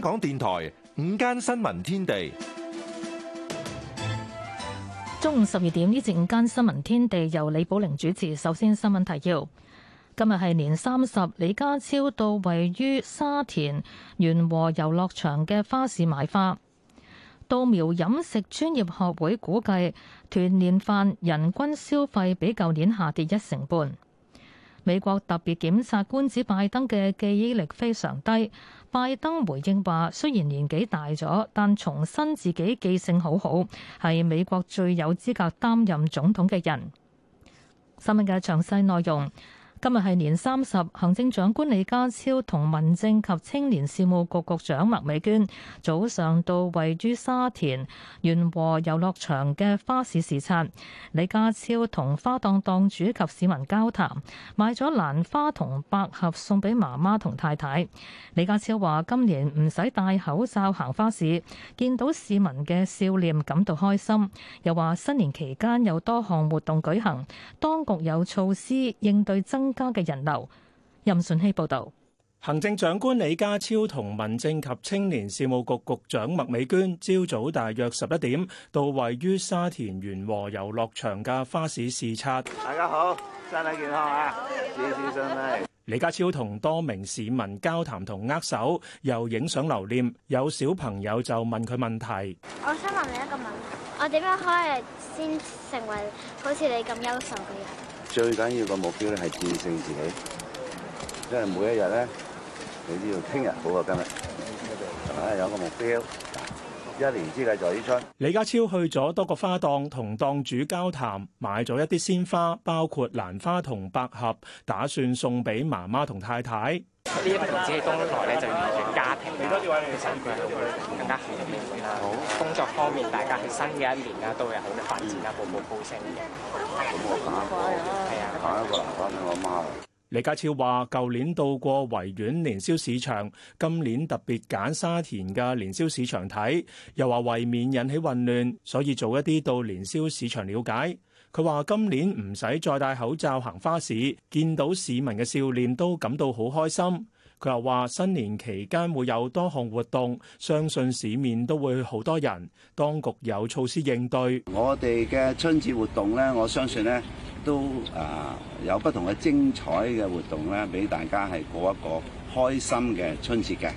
香港電台午間新聞天地，中午十二點呢至午間新聞天地由李寶玲主持。首先新聞提要：今日係年三十，李家超到位於沙田元和遊樂場嘅花市買花。稻苗飲食專業學會估計，團年飯人均消費比舊年下跌一成半。美國特別檢察官指拜登嘅記憶力非常低。拜登回應話：雖然年紀大咗，但重申自己記性好好，係美國最有資格擔任總統嘅人。新聞嘅詳細內容。今日係年三十，行政長官李家超同民政及青年事務局局長麥美娟早上到位於沙田源禾遊樂場嘅花市視察。李家超同花檔檔主及市民交談，買咗蘭花同百合送俾媽媽同太太。李家超話：今年唔使戴口罩行花市，見到市民嘅笑臉感到開心。又話新年期間有多項活動舉行，當局有措施應對增增嘅人流。任順熙報道，行政長官李家超同民政及青年事務局局長麥美娟朝早大約十一點到位於沙田元和遊樂場嘅花市視察。大家好，身體健康啊！身體健康。李家超同多名市民交談同握手，又影相留念。有小朋友就問佢問題。我想問你一個問題，我點樣可以先成為好似你咁優秀嘅人？最緊要個目標咧係戰勝自己，因為每一日咧，你知道，聽日好過今日，係咪有一個目標？一年之計在於春。李家超去咗多個花檔同檔主交談，買咗一啲鮮花，包括蘭花同百合，打算送俾媽媽同太太。呢一部分只係當內咧，就預祝家庭其實佢係更加好嘅一面啦。工作方面，大家喺新嘅一年啊，都有好嘅發展啊，步步高升嘅。咁我下一個，下一個留翻俾我媽啦。李家超話：舊年到過維園年宵市場，今年特別揀沙田嘅年宵市場睇，又話為免引起混亂，所以做一啲到年宵市場了解。佢話：今年唔使再戴口罩行花市，見到市民嘅笑臉都感到好開心。佢又話：新年期間會有多項活動，相信市面都會好多人。當局有措施應對。我哋嘅春節活動咧，我相信咧都啊有不同嘅精彩嘅活動咧，俾大家係過一個開心嘅春節嘅。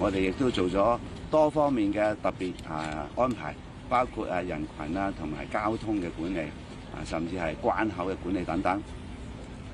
我哋亦都做咗多方面嘅特別啊安排，包括啊人羣呀同埋交通嘅管理。甚至係關口嘅管理等等，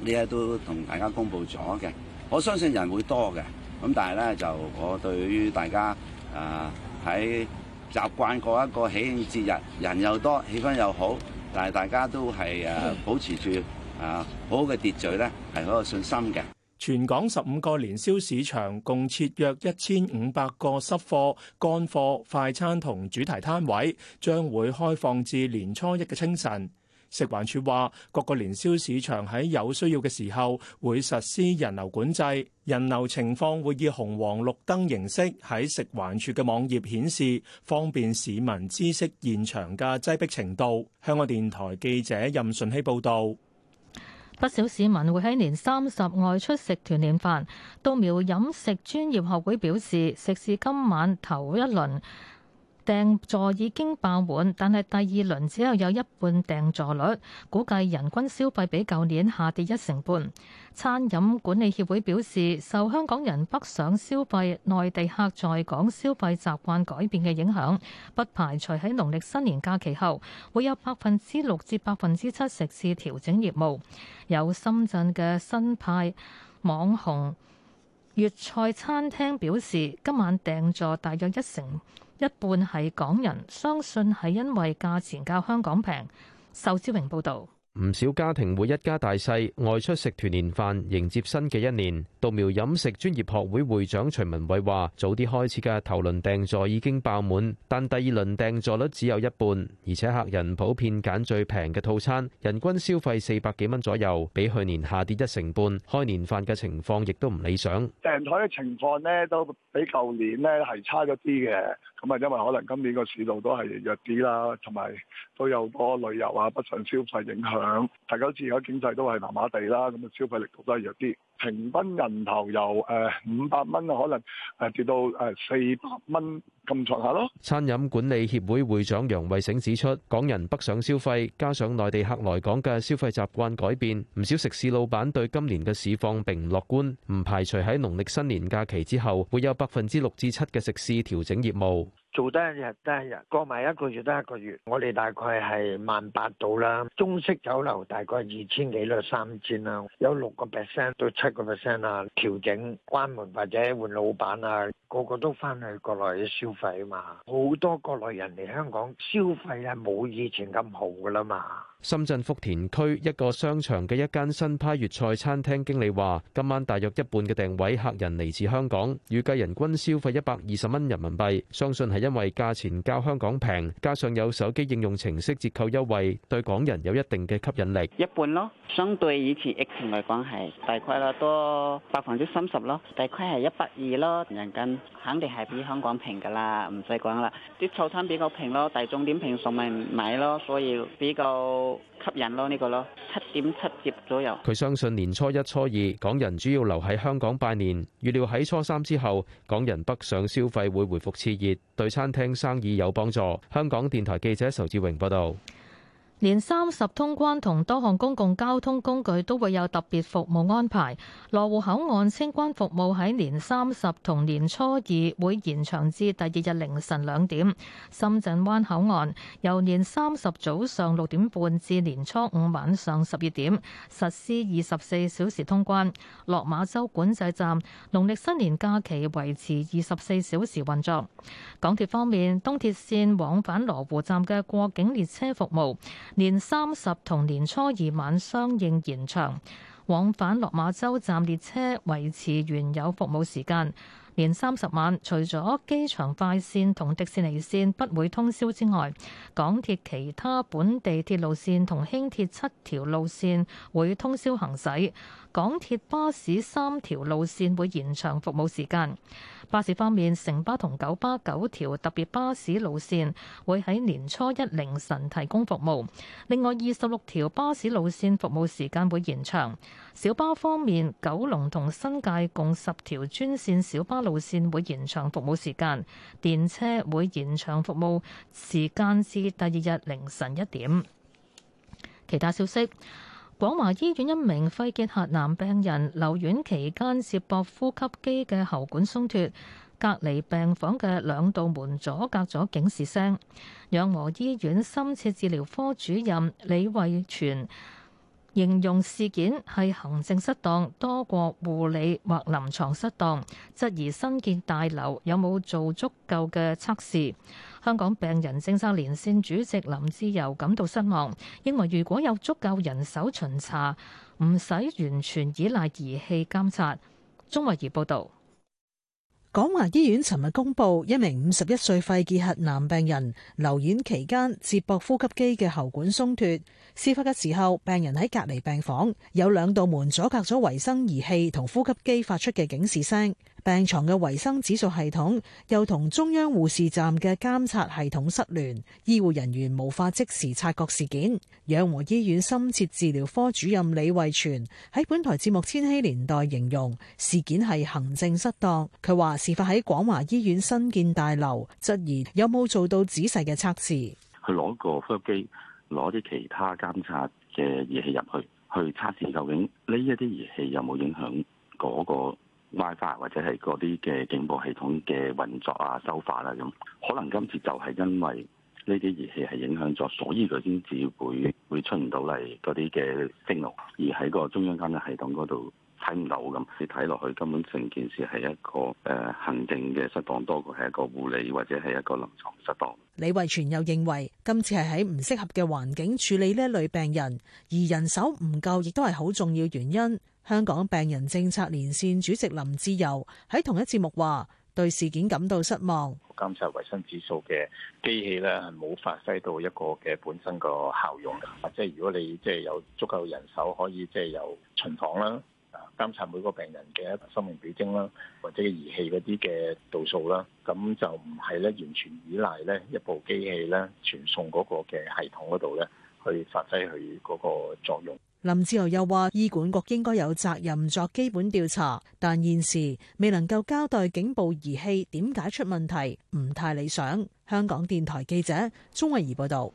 呢啲都同大家公布咗嘅。我相信人會多嘅，咁但係咧就我對於大家啊喺習慣過一個喜慶節日，人又多，氣氛又好，但係大家都係誒保持住啊好好嘅秩序咧，係好有信心嘅。全港十五個年宵市場共設約一千五百個濕貨、乾貨、快餐同主題攤位，將會開放至年初一嘅清晨。食環署話，各個年宵市場喺有需要嘅時候會實施人流管制，人流情況會以紅黃綠燈形式喺食環署嘅網頁顯示，方便市民知悉現場嘅擠逼程度。香港電台記者任順希報導。不少市民會喺年三十外出食團年飯，稻苗飲食專業學會表示，食肆今晚頭一輪。訂座已經爆滿，但係第二輪只有有一半訂座率，估計人均消費比舊年下跌一成半。餐飲管理協會表示，受香港人北上消費、內地客在港消費習慣改變嘅影響，不排除喺農曆新年假期後會有百分之六至百分之七食肆調整業務。有深圳嘅新派網紅粵菜餐廳表示，今晚訂座大約一成。一半係港人，相信係因為價錢較香港平。仇志榮報導，唔少家庭會一家大細外出食團年飯，迎接新嘅一年。稻苗飲食專業學會會長徐文偉話：早啲開始嘅頭輪訂座已經爆滿，但第二輪訂座率只有一半，而且客人普遍揀最平嘅套餐，人均消費四百幾蚊左右，比去年下跌一成半。開年飯嘅情況亦都唔理想。訂台嘅情況呢，都比舊年呢係差咗啲嘅。咁啊，因為可能今年個市道都係弱啲啦，同埋都有個旅遊啊、北上消費影響，大家都知而家經濟都係麻麻地啦，咁嘅消費力度都係弱啲。平均人頭由誒五百蚊可能誒跌到誒四百蚊咁上下咯。餐飲管理協會會長楊慧醒指出，港人北上消費，加上內地客來港嘅消費習慣改變，唔少食肆老闆對今年嘅市況並唔樂觀，唔排除喺農曆新年假期之後，會有百分之六至七嘅食肆調整業務。做得一日得一日，過埋一個月得一個月。我哋大概係萬八到啦，中式酒樓大概二千幾到三千啦，3000，有六個 percent 到七個 percent 啊，調整、關門或者換老闆啊，個個都翻去國內消費啊嘛。好多國內人嚟香港消費係冇以前咁好噶啦嘛。深圳福田區一個商場嘅一間新派粵菜餐廳經理話：今晚大約一半嘅訂位客人嚟自香港，預計人均消費一百二十蚊人民幣。相信係因為價錢較香港平，加上有手機應用程式折扣優惠，對港人有一定嘅吸引力。一半咯，相對以前疫情嚟講係大概啦多百分之三十咯，大概係一百二咯人均，肯定係比香港平㗎啦，唔使講啦，啲套餐比較平咯，大眾點評上嚟買咯，所以比較。吸引咯，呢個咯，七點七折左右。佢相信年初一、初二，港人主要留喺香港拜年。預料喺初三之後，港人北上消費會回復熾熱，對餐廳生意有幫助。香港電台記者仇志榮報道。年三十通關同多項公共交通工具都會有特別服務安排。羅湖口岸清關服務喺年三十同年初二會延長至第二日凌晨兩點。深圳灣口岸由年三十早上六點半至年初五晚上十二點實施二十四小時通關。落馬洲管制站農曆新年假期維持二十四小時運作。港鐵方面，東鐵線往返羅湖站嘅過境列車服務，年三十同年初二晚相應延長，往返落馬洲站列車維持原有服務時間，年三十晚除咗機場快線同迪士尼線不會通宵之外，港鐵其他本地鐵路線同輕鐵七條路線會通宵行駛，港鐵巴士三條路線會延長服務時間。巴士方面，城巴同九巴九條特別巴士路線會喺年初一凌晨提供服務。另外，二十六條巴士路線服務時間會延長。小巴方面，九龍同新界共十條專線小巴路線會延長服務時間，電車會延長服務時間至第二日凌晨一點。其他消息。廣華醫院一名肺結核男病人留院期間涉駁呼吸機嘅喉管鬆脱，隔離病房嘅兩道門阻隔咗警示聲。養和醫院深切治療科主任李惠全形容事件係行政失當多過護理或臨床失當，質疑新建大樓有冇做足夠嘅測試。香港病人政策連線主席林志由感到失望，認為如果有足夠人手巡查，唔使完全依賴儀器監察。鐘慧儀報道，廣華醫院尋日公布，一名五十一歲肺結核男病人留院期間，接駁呼吸機嘅喉管鬆脱，事發嘅時候，病人喺隔離病房，有兩道門阻隔咗維生儀器同呼吸機發出嘅警示聲。病床嘅衛生指數系統又同中央護士站嘅監察系統失聯，醫護人員無法即時察覺事件。養和醫院深切治療科主任李惠全喺本台節目《千禧年代》形容事件係行政失當。佢話事發喺廣華醫院新建大樓，質疑有冇做到仔細嘅測試。去攞個呼吸機，攞啲其他監察嘅儀器入去，去測試究竟呢一啲儀器有冇影響嗰個 WiFi 或者係嗰啲嘅警報系統嘅運作啊、手法啊，咁，可能今次就係因為呢啲儀器係影響咗，所以佢先至會會出唔到嚟嗰啲嘅聲浪，而喺個中央監察系統嗰度睇唔到咁，你睇落去根本成件事係一個誒行政嘅失當，多過係一個護理或者係一個臨床失當。李慧全又認為，今次係喺唔適合嘅環境處理呢類病人，而人手唔夠亦都係好重要原因。香港病人政策連線主席林志釉喺同一節目話，對事件感到失望。監察衛生指數嘅機器咧，係冇發揮到一個嘅本身個效用嘅，即係如果你即係有足夠人手，可以即係由巡房啦，啊，監察每個病人嘅一個生命表徵啦，或者儀器嗰啲嘅度數啦，咁就唔係咧完全依賴咧一部機器咧傳送嗰個嘅系統嗰度咧去發揮佢嗰個作用。林志豪又話：醫管局應該有責任作基本調查，但現時未能夠交代警報儀器點解出問題，唔太理想。香港電台記者鍾慧儀報導。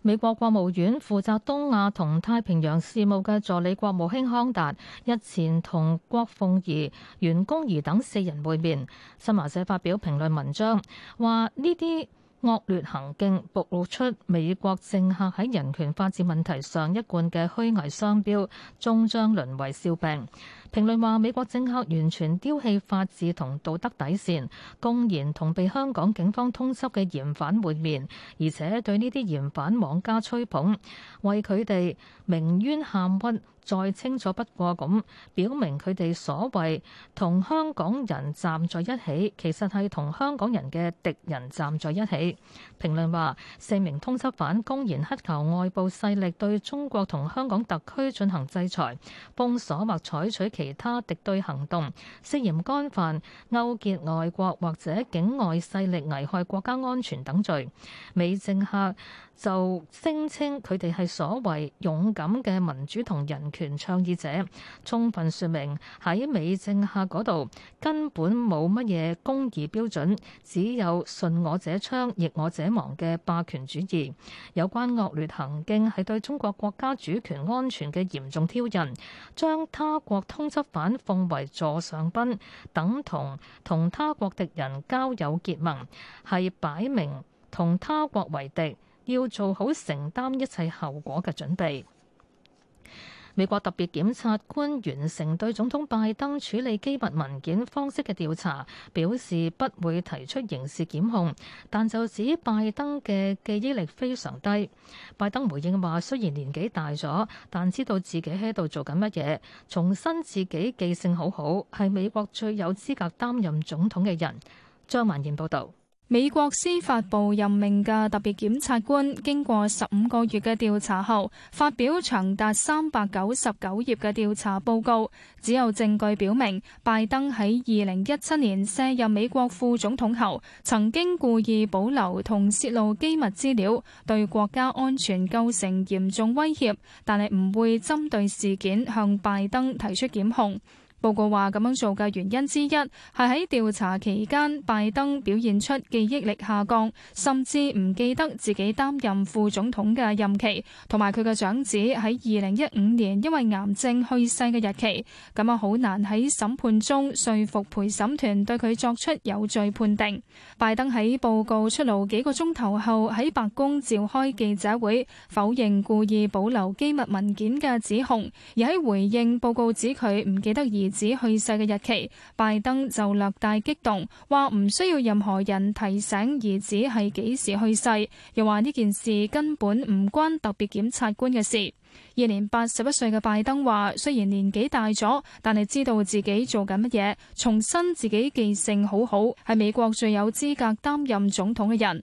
美國國務院負責東亞同太平洋事務嘅助理國務卿康達日前同郭鳳儀、袁公儀等四人會面。新華社發表評論文章，話呢啲惡劣行徑暴露出美國政客喺人權發展問題上一貫嘅虛偽雙標，終將淪為笑柄。評論話：美國政客完全丟棄法治同道德底線，公然同被香港警方通緝嘅嫌犯會面，而且對呢啲嫌犯妄加吹捧，為佢哋鳴冤喊屈，再清楚不過咁表明佢哋所謂同香港人站在一起，其實係同香港人嘅敵人站在一起。評論話：四名通緝犯公然乞求外部勢力對中國同香港特區進行制裁，封鎖或採取其其他敵對行動，涉嫌干犯，勾結外國或者境外勢力危害國家安全等罪，美政客就聲稱佢哋係所謂勇敢嘅民主同人權倡議者，充分説明喺美政客嗰度根本冇乜嘢公義標準，只有信我者昌，逆我者亡嘅霸權主義。有關惡劣行徑係對中國國家主權安全嘅嚴重挑釁，將他國通緝犯奉為座上賓，等同同他國敵人交友結盟，係擺明同他國為敵。要做好承擔一切後果嘅準備。美國特別檢察官完成對總統拜登處理機密文件方式嘅調查，表示不會提出刑事檢控，但就指拜登嘅記憶力非常低。拜登回應話雖然年紀大咗，但知道自己喺度做緊乜嘢，重申自己記性好好，係美國最有資格擔任總統嘅人。張曼燕報道。美國司法部任命嘅特別檢察官，經過十五個月嘅調查後，發表長達三百九十九頁嘅調查報告，只有證據表明拜登喺二零一七年卸任美國副總統後，曾經故意保留同泄露機密資料，對國家安全構成嚴重威脅，但係唔會針對事件向拜登提出檢控。報告話咁樣做嘅原因之一係喺調查期間，拜登表現出記憶力下降，甚至唔記得自己擔任副總統嘅任期，同埋佢嘅長子喺二零一五年因為癌症去世嘅日期。咁啊，好難喺審判中說服陪審團對佢作出有罪判定。拜登喺報告出爐幾個鐘頭後喺白宮召開記者會，否認故意保留機密文件嘅指控，而喺回應報告指佢唔記得而子去世嘅日期，拜登就略帶激動，話唔需要任何人提醒兒子係幾時去世，又話呢件事根本唔關特別檢察官嘅事。現年八十一歲嘅拜登話，雖然年紀大咗，但係知道自己做緊乜嘢，重申自己記性好好，係美國最有資格擔任總統嘅人。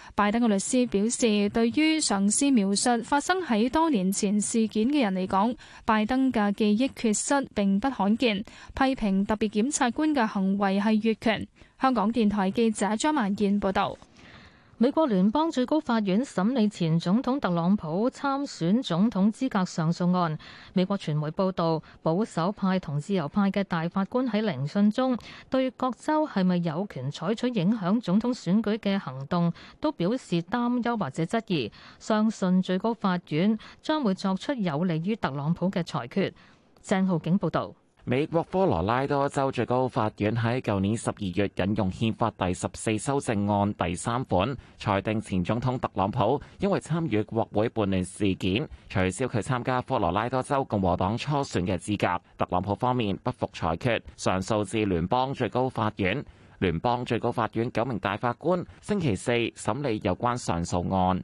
拜登嘅律師表示，對於嘗試描述發生喺多年前事件嘅人嚟講，拜登嘅記憶缺失並不罕見。批評特別檢察官嘅行為係越權。香港電台記者張曼燕報導。美國聯邦最高法院審理前總統特朗普參選總統資格上訴案。美國傳媒報導，保守派同自由派嘅大法官喺聆訊中對各州係咪有權採取影響總統選舉嘅行動都表示擔憂或者質疑，相信最高法院將會作出有利於特朗普嘅裁決。鄭浩景報導。美國科羅拉多州最高法院喺舊年十二月引用憲法第十四修正案第三款，裁定前總統特朗普因為參與國會叛亂事件，取消佢參加科羅拉多州共和黨初選嘅資格。特朗普方面不服裁決，上訴至聯邦最高法院。聯邦最高法院九名大法官星期四審理有關上訴案。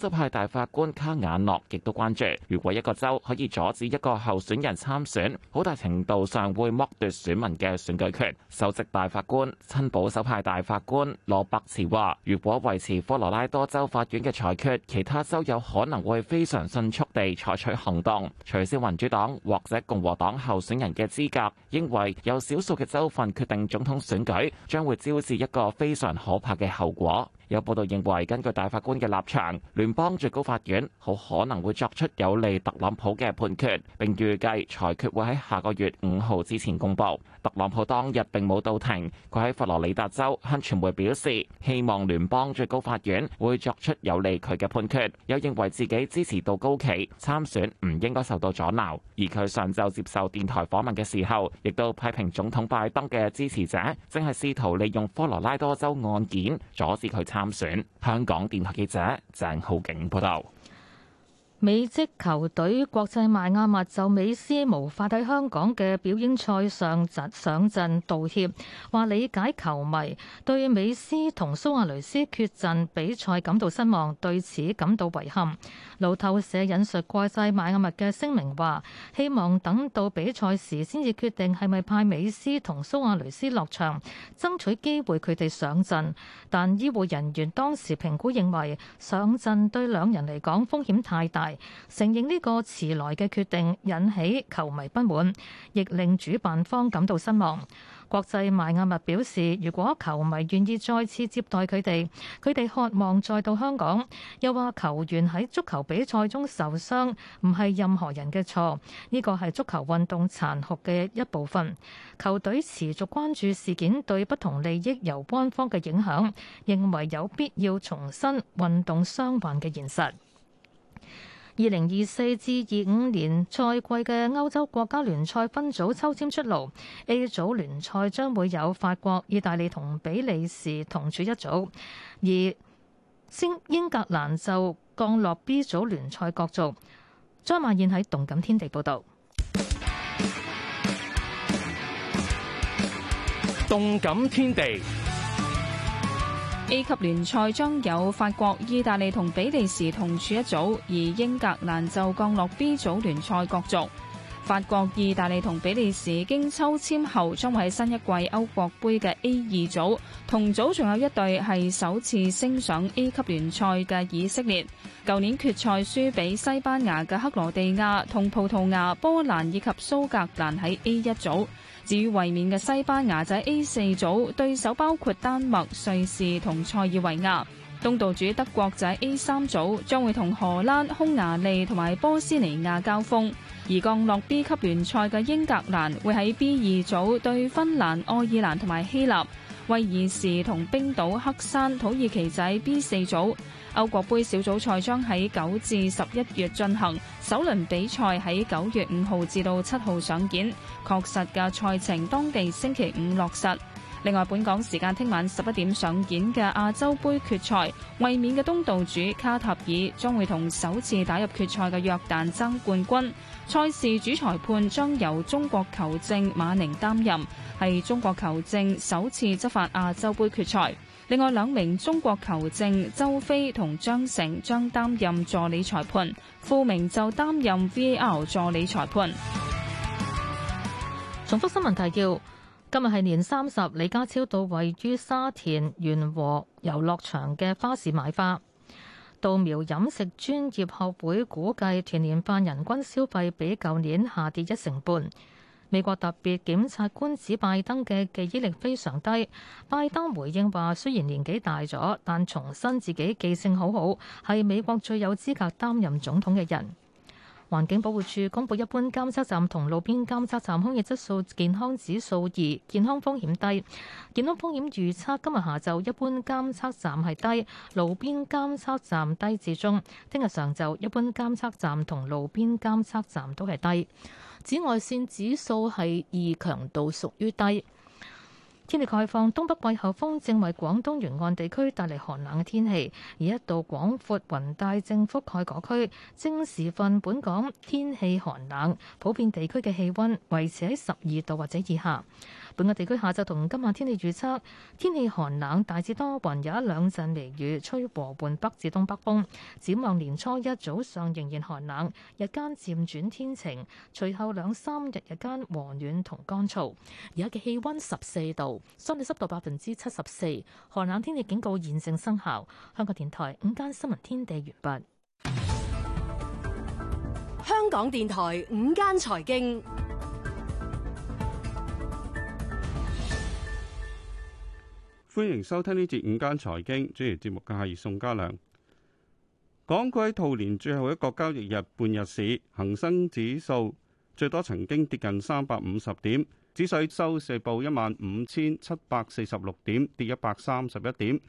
州派大法官卡瓦諾亦都關注，如果一個州可以阻止一個候選人參選，好大程度上會剝奪選民嘅選舉權。首席大法官親保守派大法官羅伯茨話，如果維持科羅拉多州法院嘅裁決，其他州有可能會非常迅速地採取行動，取消民主黨或者共和黨候選人嘅資格。認為有少數嘅州份決定總統選舉，將會招致一個非常可怕嘅後果。有報道認為，根據大法官嘅立場，聯邦最高法院好可能會作出有利特朗普嘅判決，並預計裁決會喺下個月五號之前公佈。特朗普當日並冇到庭，佢喺佛羅里達州向傳媒表示，希望聯邦最高法院會作出有利佢嘅判決，又認為自己支持到高企參選唔應該受到阻撓。而佢上晝接受電台訪問嘅時候，亦都批評總統拜登嘅支持者，正係試圖利用科羅拉多州案件阻止佢參選。香港電台記者鄭浩景報道。美職球隊國際邁阿密就美斯無法喺香港嘅表演賽上陣上陣道歉，話理解球迷對美斯同蘇亞雷斯缺陣比賽感到失望，對此感到遺憾。路透社引述國際邁阿密嘅聲明話：希望等到比賽時先至決定係咪派美斯同蘇亞雷斯落場，爭取機會佢哋上陣。但醫護人員當時評估認為上陣對兩人嚟講風險太大，承認呢個遲來嘅決定引起球迷不滿，亦令主辦方感到失望。國際邁阿密表示，如果球迷願意再次接待佢哋，佢哋渴望再到香港。又話球員喺足球比賽中受傷，唔係任何人嘅錯，呢個係足球運動殘酷嘅一部分。球隊持續關注事件對不同利益有關方嘅影響，認為有必要重申運動傷患嘅現實。二零二四至二五年賽季嘅歐洲國家聯賽分組抽籤出爐，A 組聯賽將會有法國、意大利同比利時同處一組，而英英格蘭就降落 B 組聯賽角逐。張曼燕喺動感天地報道。動感天地。A 級聯賽將有法國、意大利同比利時同處一組，而英格蘭就降落 B 組聯賽角逐。法國、意大利同比利時經抽籤後，將喺新一季歐國杯嘅 A 二組。同組仲有一隊係首次升上 A 級聯賽嘅以色列。舊年決賽輸俾西班牙嘅克羅地亞同葡萄牙、波蘭以及蘇格蘭喺 A 一組。至於衛冕嘅西班牙仔 A 四組，對手包括丹麥、瑞士同塞爾維亞。東道主德國喺 A 三組將會同荷蘭、匈牙利同埋波斯尼亞交鋒，而降落 B 級聯賽嘅英格蘭會喺 B 二組對芬蘭、愛爾蘭同埋希臘、威爾士同冰島、黑山、土耳其喺 B 四組。歐國杯小組賽將喺九至十一月進行，首輪比賽喺九月五號至到七號上演，確實嘅賽程當地星期五落實。另外，本港時間聽晚十一點上演嘅亞洲杯決賽，衛冕嘅東道主卡塔爾將會同首次打入決賽嘅約旦爭冠軍。賽事主裁判將由中國球證馬寧擔任，係中國球證首次執法亞洲杯決賽。另外兩名中國球證周飛同張成將擔任助理裁判，傅明就擔任 VAR 助理裁判。重複新聞提要。今日係年三十，李家超到位於沙田元和遊樂場嘅花市買花。稻苗飲食專業學會估計，團年飯人均消費比舊年下跌一成半。美國特別檢察官指拜登嘅記憶力非常低，拜登回應話：雖然年紀大咗，但重申自己記性好好，係美國最有資格擔任總統嘅人。環境保護署公布一般監測站同路邊監測站空氣質素健康指數二，健康風險低。健康風險預測今日下晝一般監測站係低，路邊監測站低至中。聽日上晝一般監測站同路邊監測站都係低。紫外線指數係二，強度屬於低。天氣概況，東北季候風正為廣東沿岸地區帶嚟寒冷嘅天氣，而一道廣闊雲帶正覆蓋嗰區，正時分本港天氣寒冷，普遍地區嘅氣温維持喺十二度或者以下。本港地區下晝同今晚天氣預測，天氣寒冷，大致多雲，有一兩陣微雨，吹和緩北至東北風。展望年初一早上仍然寒冷，日間漸轉天晴，隨後兩三日日間和暖同乾燥。而家嘅氣温十四度，相對濕度百分之七十四，寒冷天氣警告現正生效。香港電台午間新聞天地完畢。香港電台午間財經。歡迎收聽呢節午間財經，主持節目嘅係宋家良。港股喺兔年最後一個交易日半日市，恒生指數最多曾經跌近三百五十點，指數收市報一萬五千七百四十六點，跌一百三十一點。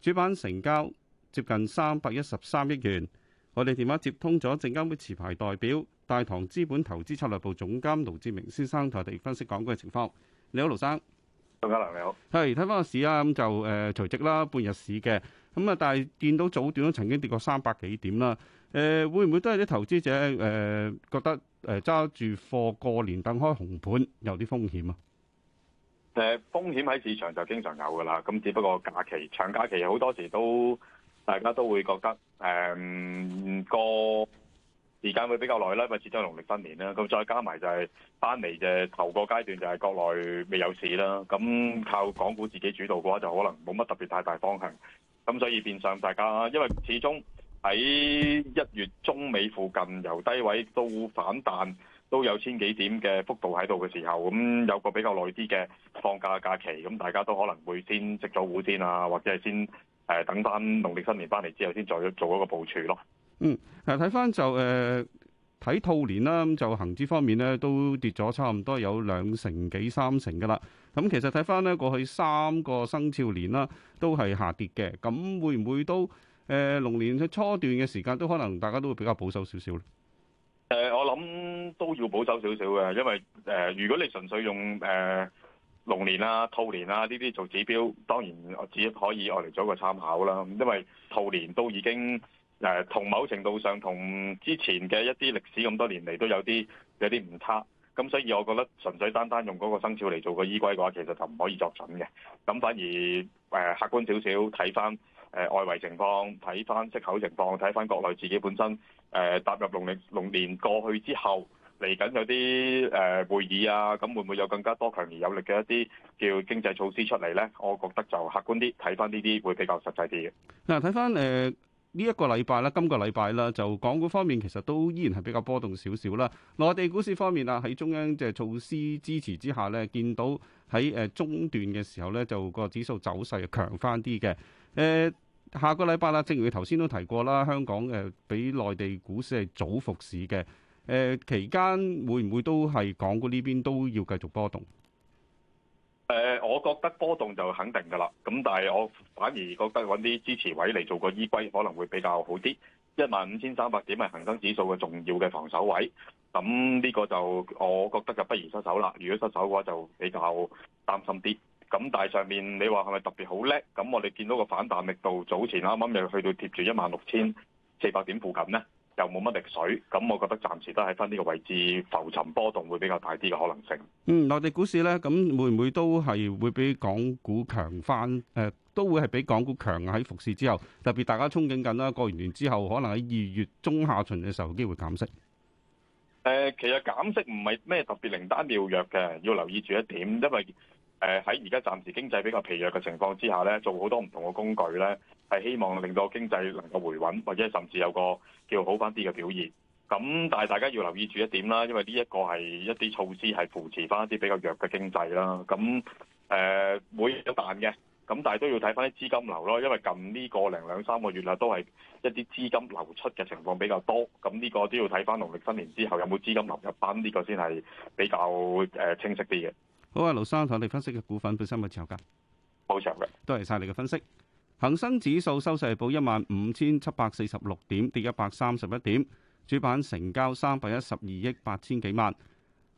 主板成交接近三百一十三億元。我哋電話接通咗證監會持牌代表大堂資本投資策略部總監盧志明先生，同我哋分析港股嘅情況。你好，盧生。大家好，你好、嗯。係睇翻個市啊，咁、嗯、就誒、呃、隨即啦，半日市嘅。咁、嗯、啊，但係見到早段都曾經跌過三百幾點啦。誒、呃，會唔會都係啲投資者誒、呃、覺得誒揸住貨過年等開紅盤有啲風險啊？誒、呃，風險喺市場就經常有噶啦。咁只不過假期長假期好多時都大家都會覺得誒個，呃過時間會比較耐啦，因為始終係農曆新年啦，咁再加埋就係翻嚟嘅頭個階段就係國內未有市啦，咁靠港股自己主導嘅話就可能冇乜特別太大方向，咁所以變相大家因為始終喺一月中尾附近由低位到反彈都有千幾點嘅幅度喺度嘅時候，咁有個比較耐啲嘅放假假期，咁大家都可能會先食咗糊先啊，或者係先誒等翻農曆新年翻嚟之後先再做一個部署咯。嗯，誒，睇、呃、翻就誒，睇兔年啦，咁就恒指方面咧都跌咗差唔多有兩成幾三成噶啦。咁其實睇翻咧過去三個生肖年啦，都係下跌嘅。咁會唔會都誒龍、呃、年嘅初段嘅時間都可能大家都會比較保守少少咧？誒、呃，我諗都要保守少少嘅，因為誒、呃，如果你純粹用誒龍、呃、年啦、啊、兔年啦呢啲做指標，當然我只可以我嚟做一個參考啦。咁因為兔年都已經。誒，同某程度上同之前嘅一啲歷史咁多年嚟都有啲有啲唔差，咁所以我覺得純粹單單用嗰個生肖嚟做個依歸嘅話，其實就唔可以作準嘅。咁反而誒、呃、客觀少少睇翻誒外圍情況，睇翻息口情況，睇翻國內自己本身誒、呃、踏入農曆龍年龍年過去之後，嚟緊有啲誒、呃、會議啊，咁會唔會有更加多強而有力嘅一啲叫經濟措施出嚟咧？我覺得就客觀啲睇翻呢啲會比較實際啲嘅。嗱，睇翻誒。呃呢一個禮拜啦，今個禮拜啦，就港股方面其實都依然係比較波動少少啦。內地股市方面啊，喺中央嘅措施支持之下呢，見到喺誒中段嘅時候呢，就個指數走勢係強返啲嘅。誒，下個禮拜啦，正如頭先都提過啦，香港誒比內地股市係早復市嘅。誒，期間會唔會都係港股呢邊都要繼續波動？誒，我覺得波動就肯定㗎啦。咁但係我反而覺得揾啲支持位嚟做個依歸可能會比較好啲。一萬五千三百點係恒生指數嘅重要嘅防守位。咁呢個就我覺得就不宜失手啦。如果失手嘅話就比較擔心啲。咁但係上面你話係咪特別好叻？咁我哋見到個反彈力度早前啱啱又去到貼住一萬六千四百點附近呢。又冇乜力水，咁我覺得暫時都喺翻呢個位置浮沉波動會比較大啲嘅可能性。嗯，內地股市呢，咁會唔會都係會比港股強翻？誒、呃，都會係比港股強喺復市之後，特別大家憧憬緊啦。過完年之後，可能喺二月中下旬嘅時候機會減息。誒、呃，其實減息唔係咩特別靈丹妙藥嘅，要留意住一點，因為。誒喺而家暫時經濟比較疲弱嘅情況之下咧，做好多唔同嘅工具咧，係希望令到經濟能夠回穩，或者甚至有個叫好翻啲嘅表現。咁但係大家要留意住一點啦，因為呢一個係一啲措施係扶持翻一啲比較弱嘅經濟啦。咁誒、呃、每日有彈嘅，咁但係都要睇翻啲資金流咯，因為近呢個零兩三個月啊，都係一啲資金流出嘅情況比較多。咁呢個都要睇翻農曆新年之後有冇資金流入翻，呢、這個先係比較誒清晰啲嘅。好啊，盧生，同你分析嘅股份本身新自由價，冇錯嘅，多謝晒你嘅分析。恒生指數收市報一萬五千七百四十六點，跌一百三十一點。主板成交三百一十二億八千幾萬。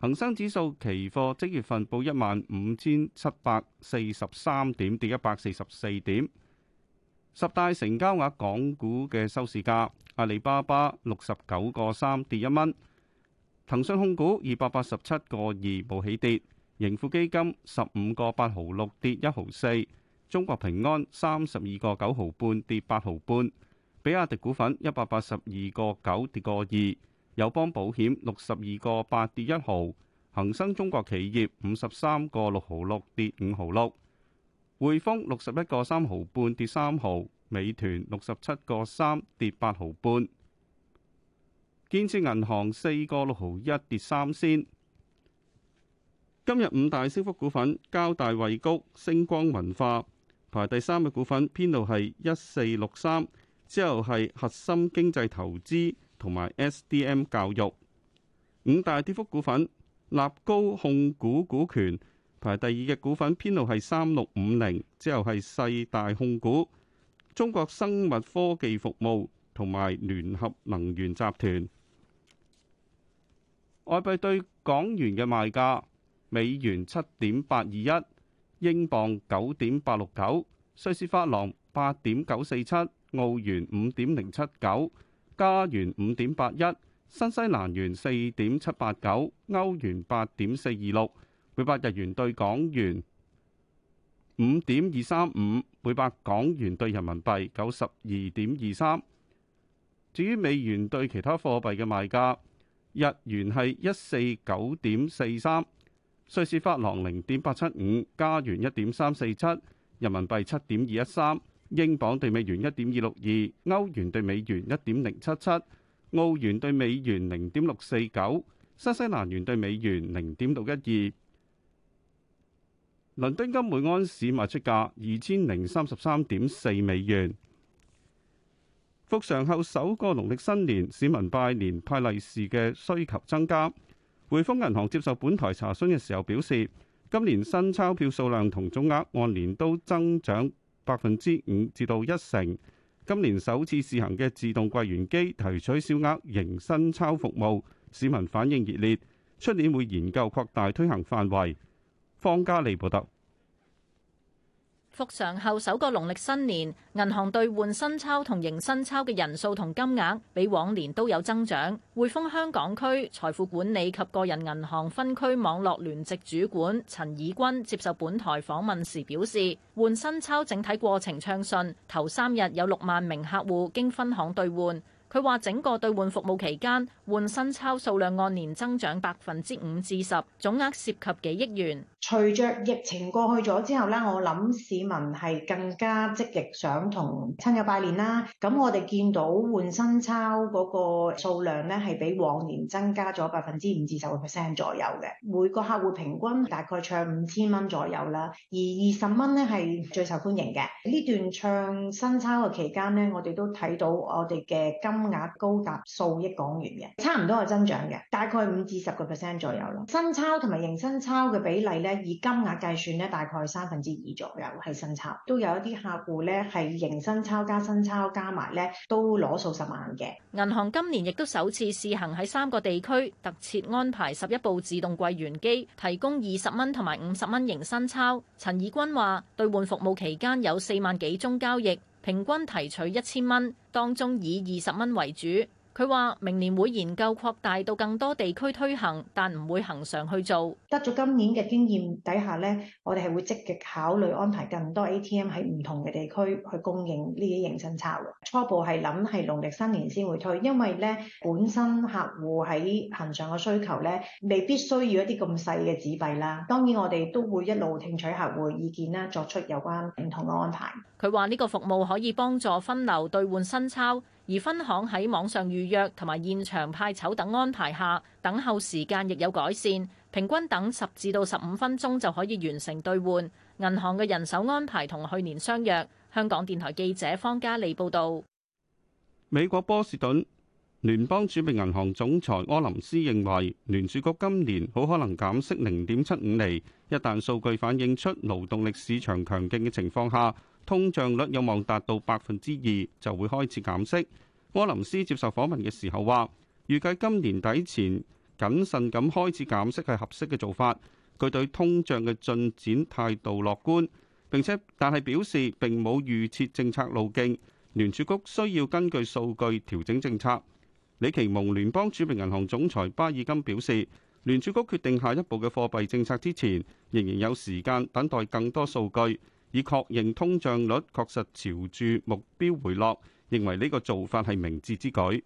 恒生指數期貨即月份報一萬五千七百四十三點，跌一百四十四點。十大成交額港股嘅收市價，阿里巴巴六十九個三跌一蚊，騰訊控股二百八十七個二冇起跌。盈富基金十五個八毫六跌一毫四，4, 中國平安三十二個九毫半跌八毫半，5, 比亞迪股份一百八十二個九跌個二，2, 友邦保險六十二個八跌一毫，1. 恒生中國企業五十三個六毫六跌五毫六，6, 匯豐六十一個三毫半跌三毫，3, 美團六十七個三跌八毫半，5, 建設銀行四個六毫一跌三仙。今日五大升幅股份，交大慧谷、星光文化排第三嘅股份，編號係一四六三；之後係核心經濟投資同埋 S D M 教育。五大跌幅股份，立高控股股權排第二嘅股份，編號係三六五零；之後係世大控股、中國生物科技服務同埋聯合能源集團。外幣對港元嘅賣價。美元七點八二一，英鎊九點八六九，瑞士法郎八點九四七，澳元五點零七九，加元五點八一，新西蘭元四點七八九，歐元八點四二六，每百日元對港元五點二三五，每百港元對人民幣九十二點二三。至於美元對其他貨幣嘅賣價，日元係一四九點四三。瑞士法郎零點八七五，加元一點三四七，人民幣七點二一三，英鎊兌美元一點二六二，歐元兌美元一點零七七，澳元兌美元零點六四九，新西蘭元兌美元零點六一二。倫敦金每安士賣出價二千零三十三點四美元。復常後首個農曆新年，市民拜年派利是嘅需求增加。匯豐銀行接受本台查詢嘅時候表示，今年新鈔票數量同總額按年都增長百分之五至到一成。今年首次試行嘅自動櫃員機提取小額迎新鈔服務，市民反應熱烈，出年會研究擴大推行範圍。方家利報道。復常後首個農曆新年，銀行兌換新鈔同迎新鈔嘅人數同金額比往年都有增長。匯豐香港區財富管理及個人銀行分區網絡聯席主管陳以軍接受本台訪問時表示，換新鈔整體過程暢順，頭三日有六萬名客戶經分行兌換。佢話整個兌換服務期間換新鈔數量按年增長百分之五至十，總額涉及幾億元。隨着疫情過去咗之後呢，我諗市民係更加積極想同親友拜年啦。咁我哋見到換新鈔嗰個數量呢，係比往年增加咗百分之五至十個 percent 左右嘅。每個客戶平均大概唱五千蚊左右啦，而二十蚊呢係最受歡迎嘅。呢段唱新鈔嘅期間呢，我哋都睇到我哋嘅金金額高達數億港元嘅，差唔多係增長嘅，大概五至十個 percent 左右咯。新鈔同埋迎新鈔嘅比例咧，以金額計算咧，大概三分之二左右係新鈔，都有一啲客戶咧係迎新鈔加新鈔加埋咧，都攞數十萬嘅。銀行今年亦都首次試行喺三個地區特設安排十一部自動櫃員機，提供二十蚊同埋五十蚊迎新鈔。陳以軍話，兌換服務期間有四萬幾宗交易。平均提取一千蚊，當中以二十蚊為主。佢話：明年會研究擴大到更多地區推行，但唔會恆常去做。得咗今年嘅經驗底下咧，我哋係會積極考慮安排更多 ATM 喺唔同嘅地區去供應呢啲新鈔。初步係諗係農曆新年先會推，因為咧本身客戶喺恆常嘅需求咧未必需要一啲咁細嘅紙幣啦。當然我哋都會一路聽取客戶意見啦，作出有關唔同嘅安排。佢話呢個服務可以幫助分流兌換新鈔。而分行喺網上預約同埋現場派籌等安排下，等候時間亦有改善，平均等十至到十五分鐘就可以完成兌換。銀行嘅人手安排同去年相若。香港電台記者方嘉利報導。美國波士頓聯邦儲備銀行總裁柯林斯認為，聯儲局今年好可能減息零點七五厘。一旦數據反映出勞動力市場強勁嘅情況下，通脹率有望達到百分之二，就會開始減息。柯林斯接受訪問嘅時候話，預計今年底前謹慎咁開始減息係合適嘅做法。佢對通脹嘅進展態度樂觀，並且但係表示並冇預設政策路徑。聯儲局需要根據數據調整政策。李奇蒙聯邦儲備銀行總裁巴爾金表示，聯儲局決定下一步嘅貨幣政策之前，仍然有時間等待更多數據。以確認通脹率確實朝住目標回落，認為呢個做法係明智之舉。